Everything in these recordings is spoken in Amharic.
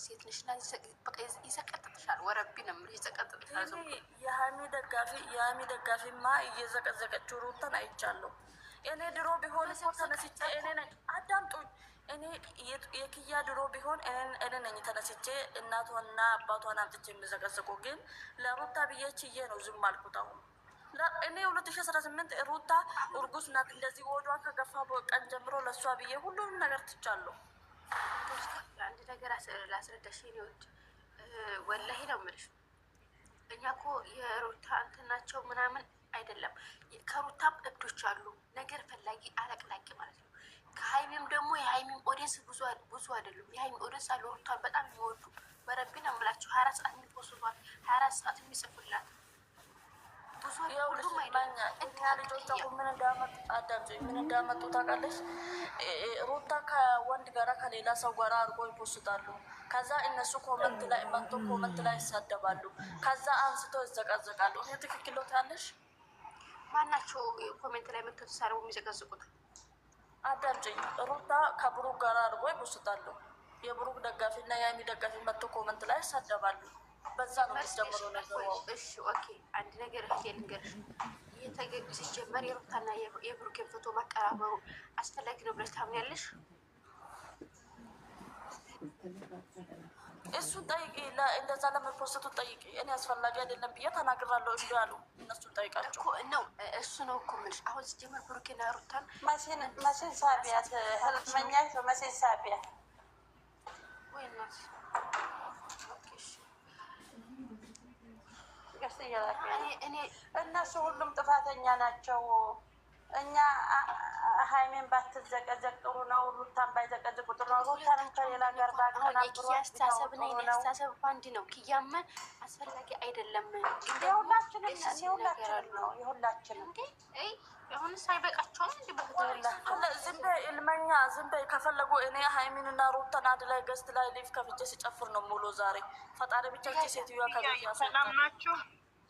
ሴት ነሽ እና ይዘቀጥጥሻል። ወረቢ ነው የምልሽ ይዘቀጥጥሻል። የሀሚ ደጋፊ የሀሚ ደጋፊማ እየዘቀዘቀችው ሩታን አይቻለሁ። እኔ ድሮ ቢሆን እኮ ተነስቼ እኔ ነኝ አዳምጡኝ። እኔ የክያ ድሮ ቢሆን እኔ ነኝ ተነስቼ እናቷና አባቷን አምጥቼ የሚዘቀዝቁ ግን ለሩታ ብዬ ችዬ ነው ዝም አልኩት። አሁን እኔ ሁለት ሺ አስራ ስምንት ሩታ እርጉዝ ናት እንደዚህ ወዷ ከገፋ ቀን ጀምሮ ለእሷ ብዬ ሁሉንም ነገር ትቻለሁ። አንድ ነገር ላስረዳሽ ኔዎች ወላሂ ነው የምልሽ። እኛ እኮ የሩታ እንትን ናቸው ምናምን አይደለም። ከሩታም እብዶች አሉ፣ ነገር ፈላጊ አለቅላቂ ማለት ነው። ከሀይሚም ደግሞ የሀይሚም ኦዲንስ ብዙ አይደሉም። የሀይሚ ኦዲየንስ አሉ ሩታን በጣም የሚወዱ በረቢ ነው የምላቸው። ሀያ አራት ሰዓት የሚቆሱባት ሀያ አራት ሰዓት የሚጽፉላት ምን እንዳመጡ ታውቃለች። ሩታ ከወንድ ጋራ ከሌላ ሰው ጋራ አድርጎ ይፖስታሉ። ከዛ እነሱ ኮመንት ላይ መጥቶ ኮመንት ላይ ይሳደባሉ። ከዛ አንስቶ ይዘቀዘቃሉ። ይህ ትክክል ነው ትያለሽ? ማናቸው ኮሜንት ላይ መጥቶ ተሳርቦ የሚዘቀዝቁት? አዳምጪኝ። ሩታ ከብሩክ ጋራ አድርጎ ይፖስታሉ። የብሩክ ደጋፊና የሀይሚ ደጋፊ መጥቶ ኮመንት ላይ ይሳደባሉ። በዛ ነው የሚጀምሩ ነገሩ። እሺ ኦኬ፣ አንድ ነገር እህቴ ልንገርሽ፣ የተገኙ ሲጀመር የሩታና የብሩኬን ፎቶ ማቀራበሩ አስፈላጊ ነው ብለሽ ታምኛለሽ? እሱን ጠይቂ፣ እንደዛ ለምን ጠይቂ። እኔ አስፈላጊ አይደለም ብዬ ተናግራለሁ እንዲ ያሉ እነሱን ጠይቃቸው ነው። እሱ ነው እኮ የምልሽ። አሁን ሲጀመር ብሩኬና ሩታን መቼን ሳቢያት መኛቶ መቼን ሳቢያት ወይ እያላቸው እነሱ ሁሉም ጥፋተኛ ናቸው። እኛ ሀይሜን ባትዘቀዘቅ ጥሩ ነው። ሩታን ባይዘቀዝቁ ጥሩ ነው። ሩታንም ከሌላ ጋር ባስተሳሰብና አስተሳሰብ አንድ ነው። ክያመ አስፈላጊ አይደለም። የሁላችንም የሁላችንም ነው። የሁላችንም አሁን ሳይበቃቸውም እንዲ ዝም በይ እልመኛ ዝም በይ። ከፈለጉ እኔ ሀይሚን እና ሩታን አንድ ላይ ገዝት ላይ ሊፍ ከፍቼ ሲጨፍር ነው ሙሉ ዛሬ ፈጣሪ ብቻ ሴትዮዋ ከቤት ያሰላም ናቸው።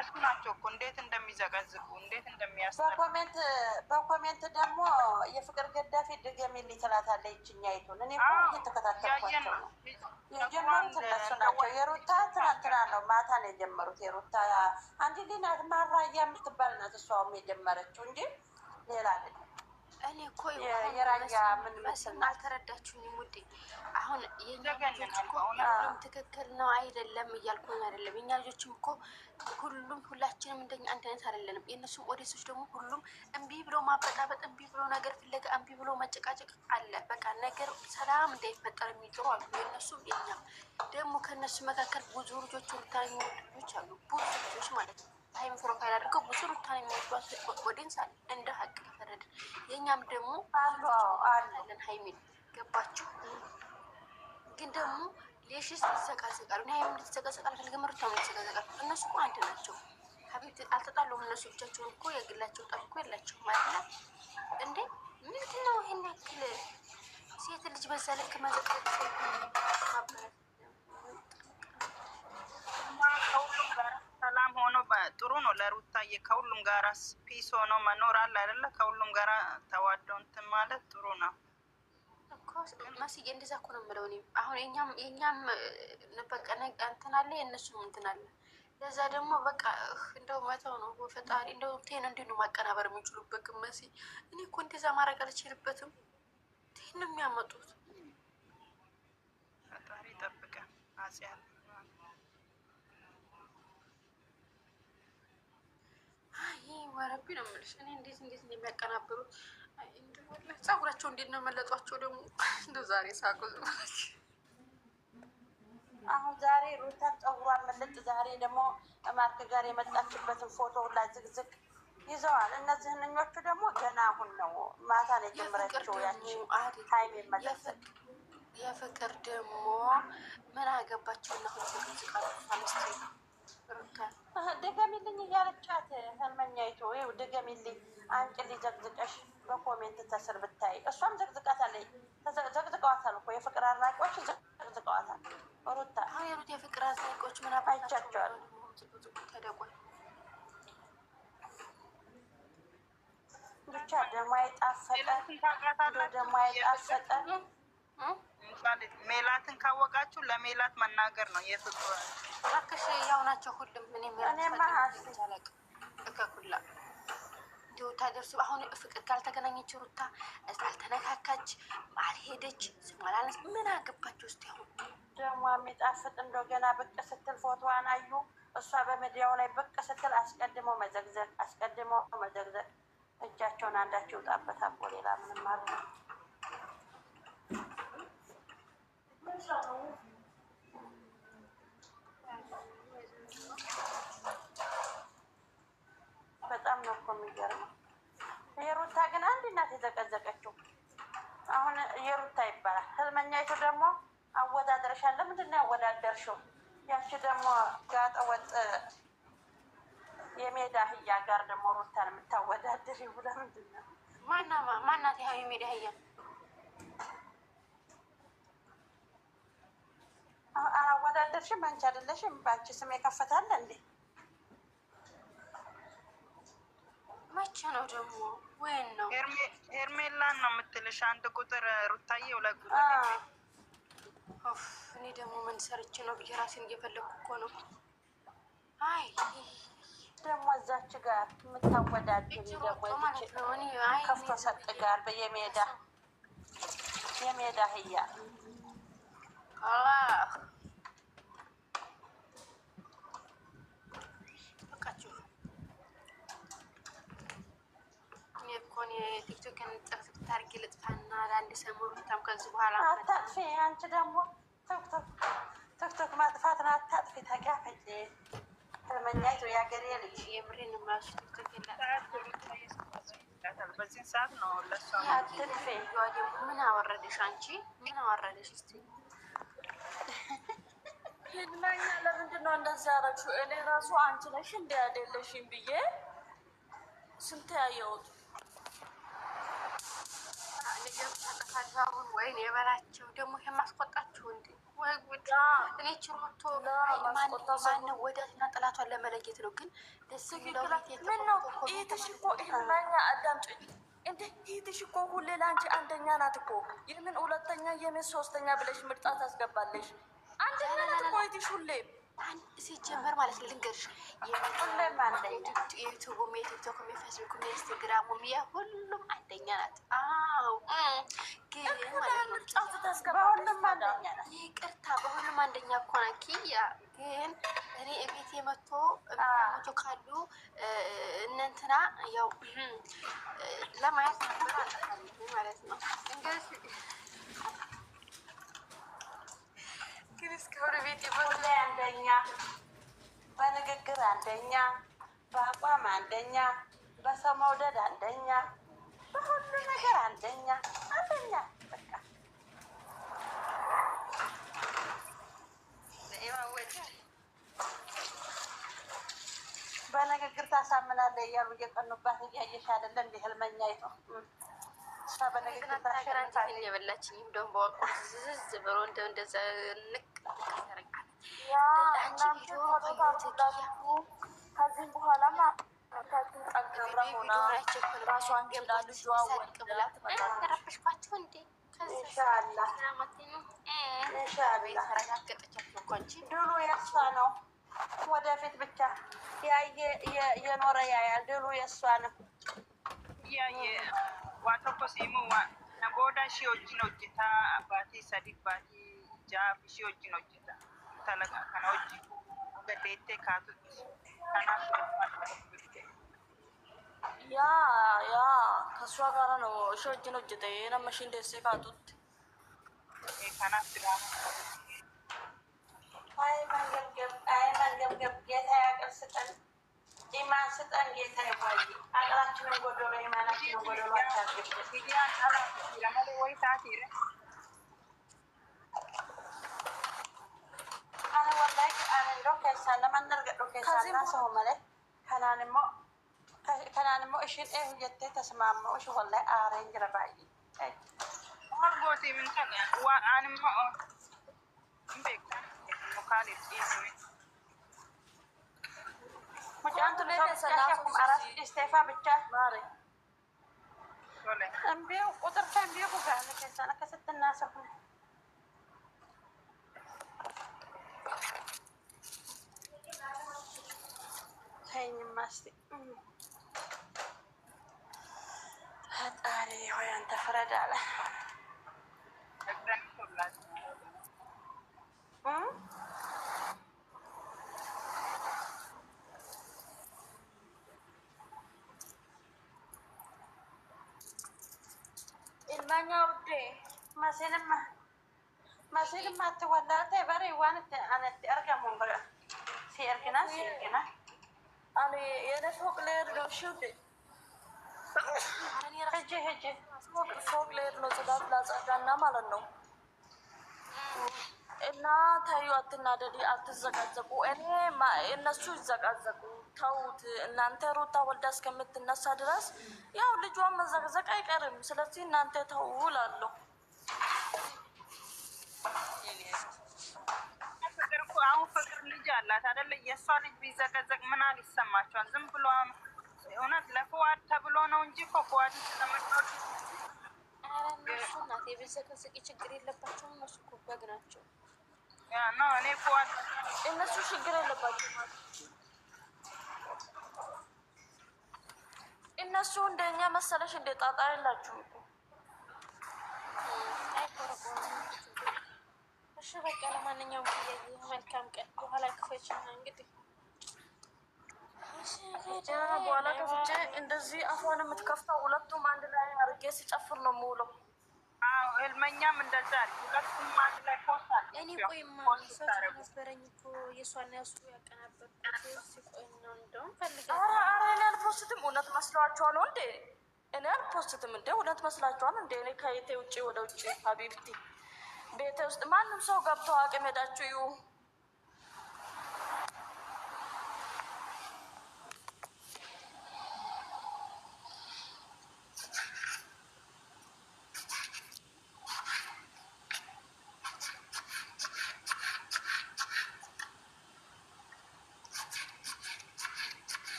እሱ ናቸው እኮ እንዴት እንደሚዘቀዝቁ እንዴት እንደሚያስ በኮሜንት ደግሞ የፍቅር ገዳፊ ድገሚልኝ ትላታለች ይችኛ ይቱን እኔ እየተከታተልኳቸው ነው። የጀመሩት እነሱ ናቸው። የሩታ ትናንትና ነው ማታ ነው የጀመሩት። የሩታ አንድ ናት ማራያ የምትባል ናት። እሷም የጀመረችው እንጂ ሌላ አይደለም። እኔ እኮ የራያ ምን መስል አልተረዳችሁኝም ውዴ። አሁን የኛ ልጆች እኮ ሁሉም ትክክል ነው አይደለም እያልኩኝ አይደለም። የኛ ልጆችም እኮ ሁሉም ሁላችንም እንደኛ አንድ አይነት አይደለንም። የእነሱም ኦዲሶች ደግሞ ሁሉም እምቢ ብሎ ማበጣበጥ፣ እምቢ ብሎ ነገር ፍለጋ፣ እምቢ ብሎ መጨቃጨቅ አለ። በቃ ነገር ሰላም እንዳይፈጠር የሚጥሩ አሉ። የእነሱም የኛም ደግሞ ከእነሱ መካከል ብዙ ልጆች ወታኙ ልጆች አሉ ብዙ ልጆች ማለት ነው ሀይሚ ፕሮፋይል አድርገው ብዙ ሩታን የሚወዷት ወዲንስ እንደ ሀቅ ፈረድ የእኛም ደግሞ አለን። ሀይሚን ገባችሁ? ግን ደግሞ ሌሽስ ይዘቃዘቃሉ። ሀይሚ እንድትዘቀዘቅ አልፈልግም፣ ሩታም እንድትዘቀዘቅ። እነሱ እኮ አንድ ናቸው። ሀቢት አልተጣሉም። እነሱ ብቻቸውን እኮ የግላቸው ጠብ የላቸው ማለት ነው እንዴ! ምንድነው ይህን ያክል ሴት ልጅ በዛ ልክ መዘቅዘቅ ማበረት ጥሩ ነው ለሩታዬ። ከሁሉም ጋር ፒስ ሆኖ መኖር አለ አይደለ? ከሁሉም ጋር ተዋዶ እንትን ማለት ጥሩ ነው። መስዬ እንደዛ እኮ ነው የምለው እኔ አሁን የኛም የኛም ንበቀነ እንትን አለ የእነሱም እንትን አለ። ለዛ ደግሞ በቃ እንደው መተው ነው ፈጣሪ እንደው ቴን እንዲሁ ማቀናበር የሚችሉበት መሲ እኔ እኮ እንደዛ ማድረግ አልችልበትም። ቴን የሚያመጡት። ፈጣሪ ጠብቀን አጽያለ ወረቢ ነው የምልሽ እኔ እንዴት እንዴት ነው እንደሚያቀናብሩት ጸጉራቸው እንዴት ነው መለጧቸው ደግሞ እንደ ዛሬ ሳቁ አሁን ዛሬ ሩታን ጸጉሯን መለጥ ዛሬ ደግሞ ማርክ ጋር የመጣችበትን ፎቶ ላይ ዝግዝግ ይዘዋል። እነዚህንኞቹ ደግሞ ገና አሁን ነው ማታ ነው የጀመረችው ያቺ ታይም የመለሰቅ የፍቅር ደግሞ ምን አገባቸው እና ሁሉ ዝግዝግ አለስት ድገሚልኝ እያለቻት ህልመኛይቱ ይኸው ደገሚልኝ አንጭልኝ ዘቅዝቀሽ በኮሜንት ተስር ብታይ እሷም ዘግዝቃታለች። ዘግዝቀዋታል እኮ የፍቅር አድናቂዎች ዘግዝቀዋታል። ሩታ ሩት የፍቅር አድናቂዎች ምን አይቻቸዋል። ብቻ ደግሞ አይጣፈጠ ደግሞ አይጣፈጠ ሜላትን ካወቃችሁ ለሜላት መናገር ነው የፍቅር እባክሽ ያው ናቸው ሁሉም። እንዲሁ ታደርሱ አሁን ፍቅር ካልተገናኘች ሩታ አልተነካካች፣ አልሄደች፣ ስሟ ምን አገባች ውስጥ ያሁን ደግሞ የሚጣፍጥ እንደው ብቅ ስትል ፎቶዋን አዩ። እሷ በሚዲያው ላይ ብቅ ስትል አስቀድመው መዘግዘግ፣ አስቀድመው መዘግዘግ። እጃቸውን አንዳቸው ይውጣበት አቦ ሌላ ምንም አለ የሚገርመው የሩታ ግን አንድ እናት የዘቀዘቀችው አሁን የሩታ ይባላል። ህልመኛይቱ ደግሞ አወዳደርሻል። ለምንድን ነው ያወዳደርሽው? ያቺ ደግሞ ጋጠ ወጥ የሜዳ አህያ ጋር ደግሞ ሩታን የምታወዳደሪው ለምንድን ነው? ማናት ያ የሜዳ አህያ? አወዳደርሽም አንቺ አይደለሽም። በአንቺ ስም የከፈታለ እንዴ? ደግሞ ነው ሄርሜላን ነው የምትልሽ። አንድ ቁጥር ሩታዬ፣ ሁለት ቁጥር እኔ ደግሞ ምን ሰርቼ ነው ብዬ ራሴን እየፈለግኩ እኮ ነው። አይ ደግሞ እዛች ጋር የምታወዳድኝ ከፍቶ ሰጥ ጋር በየሜዳ የሜዳ አህያ እኮን የቲክቶክን ጥፍ ታርጊ ልጥፋና ለአንድ ሰሞን ታም ከዚህ በኋላ አታጥፊ። አንቺ ደግሞ ቲክቶክ ማጥፋት ነው። አታጥፊ፣ ተጋፈጭ። ተመኛቱ የሀገሬ ልጅ የምሬን ማሱ ቲክቶክ በዚህን ሰዓት ነው ለሷ አትጥፊ። ዋ ምን አወረደሽ አንቺ? ምን አወረደሽ እስቲ ይድናኛ ለምንድን ነው እንደዚህ ያደረግሽው? እኔ ራሱ አንቺ ነሽ እንዲ ያደለሽኝ ብዬ ስንት ያየሁት ልጆች ተቀሳሰሩ። የበላቸው ደግሞ የማስቆጣችሁ እንዴ! ወይ ጉድ! እኔ ችሮቶ ማን ወዳትና ጥላቷን ለመለየት ነው። ግን ደስ ምነው እኮ ሁሌ ለአንቺ አንደኛ ናት እኮ የምን ሁለተኛ የምን ሶስተኛ ብለሽ ምርጣት አስገባለሽ። አንደኛ ናት እኮ ይህትሽ ሁሌ ሲጀመር ማለት ነው ልንገርሽ፣ የዩቱቡም የቲክቶክም የፌስቡክም የኢንስትግራሙም የሁሉም አንደኛ ናት። አዎ ይቅርታ፣ በሁሉም አንደኛ እኮ ናት። ኪያ ግን እኔ እቤት የመቶ መቶ ካሉ እነንትና ያው ለማየት ማለት ነው በንግግር እስከሆነ ቤት ይቦታ አንደኛ፣ በንግግር አንደኛ፣ በአቋም አንደኛ፣ በሰው መውደድ አንደኛ፣ በሁሉ ነገር አንደኛ አንደኛ በንግግር ታሳምናለህ እያሉ እየቀኑባት እያየሽ አይደለ? እንደ ህልመኛ ይቶ እሷ በንግግር ታሸንፋለች። የበላችኝ ደንበ ዝዝ ብሎ እንደዛ ንክ ከዚህም በኋላ ድሉ የእሷ ነው። ወደፊት ብቻ ያየ የኖረ ያያል። ድሉ የእሷ ነው። ዋቶኮ ሲሙ ነጎዳ ሺ ወጅን ወጅታ አባቴ ሰዲ ባቴ hojjaa ishee wajjin hojjeta intala kana hojii gadeettee kaatutti kanaaf ያ ያ ከእሷ ጋር ነው እሺ ወጅን ወጅተ የነመሽ እንደሴ ካጡት አይ መንገብገብ ጌታ ያቅር ስጠን፣ ኢማን ስጠን ጌታ ይባይ አቅራችንን ጎዶሎ ኢማናችንን ጎዶሎ አታርግብን። anindoo keessaan nama argadhu keessaan soomale kanaan immoo kanaan immoo ishiin eehu jettee tasmaammoo ishii wallee aareen jira baay'ee. Margooti min kana waa aan immoo hin beektan mukaan dhiisne. Mucaan tulee keessaa kun aras isteefaa bichaa. Ambiyu quxurcha ambiyu kugaale keessaan akkasitti naasa kun. አተኝም አስቲ ፈጣሪ ሆይ አንተ ፍረድ አለ። ilmaan yaabdee masiinimma masiinimmaatti wallaaltee barii waan itti anatti argamu si erginaa si ፎቅ ልሄድ ነው። እሺ እና ማለት አትናደዲ፣ አትዘጋዘቁ። እኔ እነሱ ይዘጋዘቁ፣ ተውት። እናንተ ሩታ ወልዳ እስከምትነሳ ድረስ ያው ልጇን መዘግዘቅ አይቀርም። ስለዚህ እናንተ ተው እላለሁ። ልጅ አላት አደለ? የእሷ ልጅ ቢዘቀዘቅ አል ይሰማቸዋል? ዝም ብሎ እውነት ለፍዋድ ተብሎ ነው እንጂ እኮ ፍዋድ ስለመጫወት እነሱ ችግር የለባቸውም። እነሱ ናቸው። እኔ ፍዋድ እነሱ ችግር የለባቸው እነሱ እንደኛ መሰለሽ እንደ ጣጣ የላችሁም እኮ እሺ በቃ ለማንኛውም መልካም ቀን። በኋላ ክፈች ና እንግዲህ በኋላ ከፍቼ እንደዚህ አፏን የምትከፍተው ሁለቱም አንድ ላይ አድርጌ ሲጨፍር ነው የምውለው። ህልመኛም እንደዛ ሁለቱም አንድ ላይ ፖስታል። እኔ ቆይማ ሰው ነበረኝ እኮ የእሷና የእሱ ያቀናበርኩት ሲቆይ ነው እንደውም ፈልገ። ኧረ እኔ አልፖስትም። እውነት መስሏቸዋል እንዴ? እኔ አልፖስትም እንዴ? እውነት መስላቸዋል እንዴ? እኔ ከየቴ ውጭ ወደ ውጭ ሀቢብቲ ቤተ ውስጥ ማንም ሰው ገብቶ አቅም ሄዳችሁ ይሁ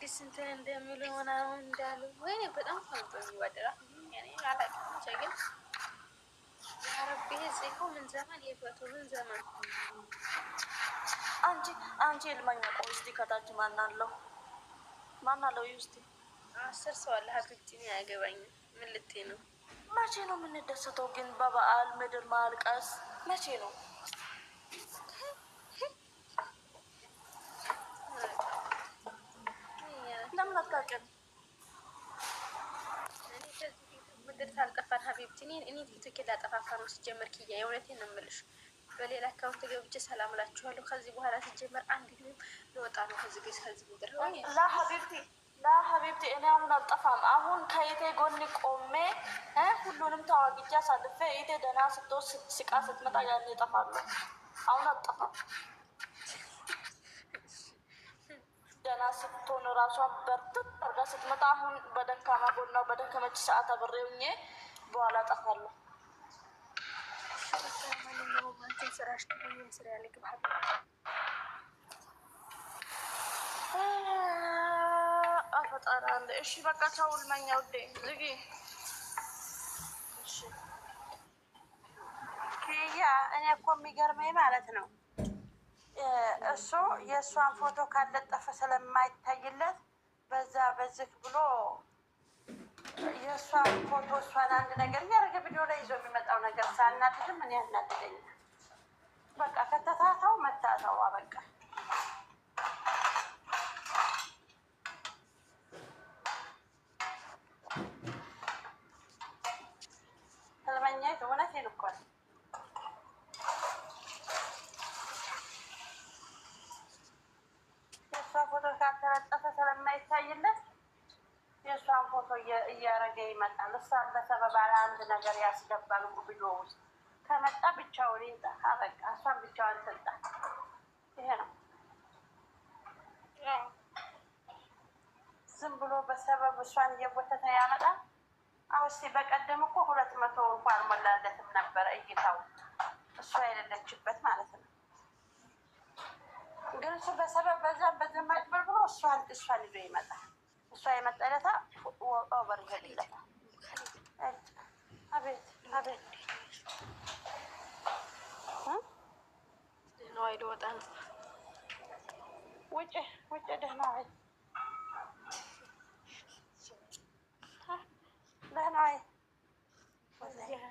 አዲስ እንትን እንደሚሉ ምናምን እንዳሉ ወይኔ በጣም የሚወደራት ግን የአረብ ሕዝብ ምን ዘመን የፈቱ ምን ዘመን አንቺ አንቺ ልማኝ ቆይ እስቲ ከታች ማናለው ማናለው ይውስቲ አስር ሰው አለ ሀቢብቲ ያገባኝ ምን ልቴ ነው መቼ ነው የምንደሰተው ግን በበዓል ምድር ማልቀስ መቼ ነው ቲኬት ላጠፋፋ ነው ሲጀመር ኪያ፣ የእውነቴን ነው የምልሽ። በሌላ አካውንት ገብቼ ሰላም እላችኋለሁ። ከዚህ በኋላ ሲጀመር አንድ ጊዜም ልወጣ ነው ከዚህ ገ ከዚህ ምድር ላ ሀቢብቲ ላ ሀቢብቲ፣ እኔ አሁን አልጠፋም። አሁን ከይቴ ጎን ቆሜ ሁሉንም ተዋግቼ አሳልፌ ይቴ ደህና ስትወስ ስቃ ስትመጣ ያን ይጠፋሉ። አሁን አልጠፋም። ደህና ስትሆን ራሷን በርትት አድርጋ ስትመጣ አሁን በደካማ ጎናው በደከመች ሰዓት አብሬውኜ በኋላ ጠፋለሁ። አፈጣራለ እሺ፣ በቃ ተው ልመኛ ውዴ ዝጊ። ያ እኔ እኮ የሚገርመኝ ማለት ነው እሱ የእሷን ፎቶ ካለጠፈ ስለማይታይለት በዛ በዚህ ብሎ የእሷ ፎቶ እሷን አንድ ነገር እያደረገ ቪዲዮ ላይ ይዞ የሚመጣው ነገር ሳናድድም እኔ ያናድደኛል። በቃ ከተታታ እያረገ ይመጣል። እሷን በሰበብ አንድ ነገር ያስገባል ጉብሎ ውስጥ ከመጣ ብቻውን ይምጣ። አበቃ። እሷን ብቻዋን ትንጣ ይሄ ነው። ዝም ብሎ በሰበብ እሷን እየጎተተ ያመጣ። አውስቲ በቀደም እኮ ሁለት መቶ እንኳን አልሞላለትም ነበረ እይታው እሷ የሌለችበት ማለት ነው። ግን እሱ በሰበብ በዛ በዘማጭ ብሎ እሷን እሷን ይዞ ይመጣል። እሷ የመጠለታ ኦቨር ይሄድለታ። አቤት አቤት ደህና ዋይ ደወጣ ውጭ ውጭ ደህና ዋይ ደህና ዋይ